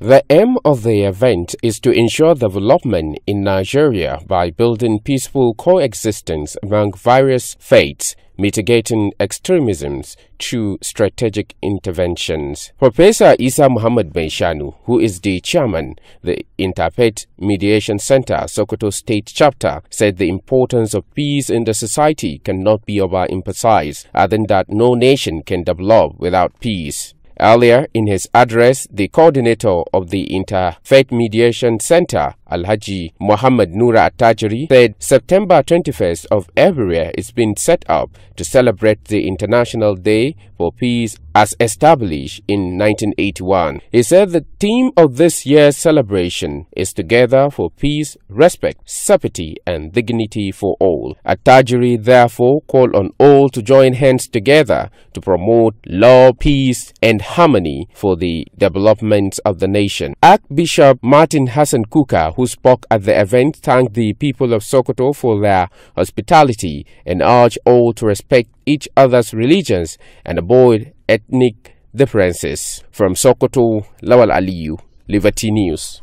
The aim of the event is to ensure development in Nigeria by building peaceful coexistence among various faiths, mitigating extremisms through strategic interventions. Professor Isa Muhammad Benshanu, who is the chairman, the Interfaith Mediation Center, Sokoto State Chapter, said the importance of peace in the society cannot be overemphasized, adding that no nation can develop without peace. Earlier in his address, the coordinator of the Interfaith Mediation Center, Alhaji Muhammad Nura Attajiri, said September 21st of every year is being set up to celebrate the International Day for Peace as established in 1981. He said the theme of this year's celebration is Together for Peace, Respect, Sapity and Dignity for All. Atajiri therefore called on all to join hands together to promote love, peace and harmony for the development of the nation. Archbishop Martin Hassan Kuka, who spoke at the event, thanked the people of Sokoto for their hospitality and urged all to respect each other's religions and avoid ethnic differences. From Sokoto, Lawal Aliyu, Liberty News.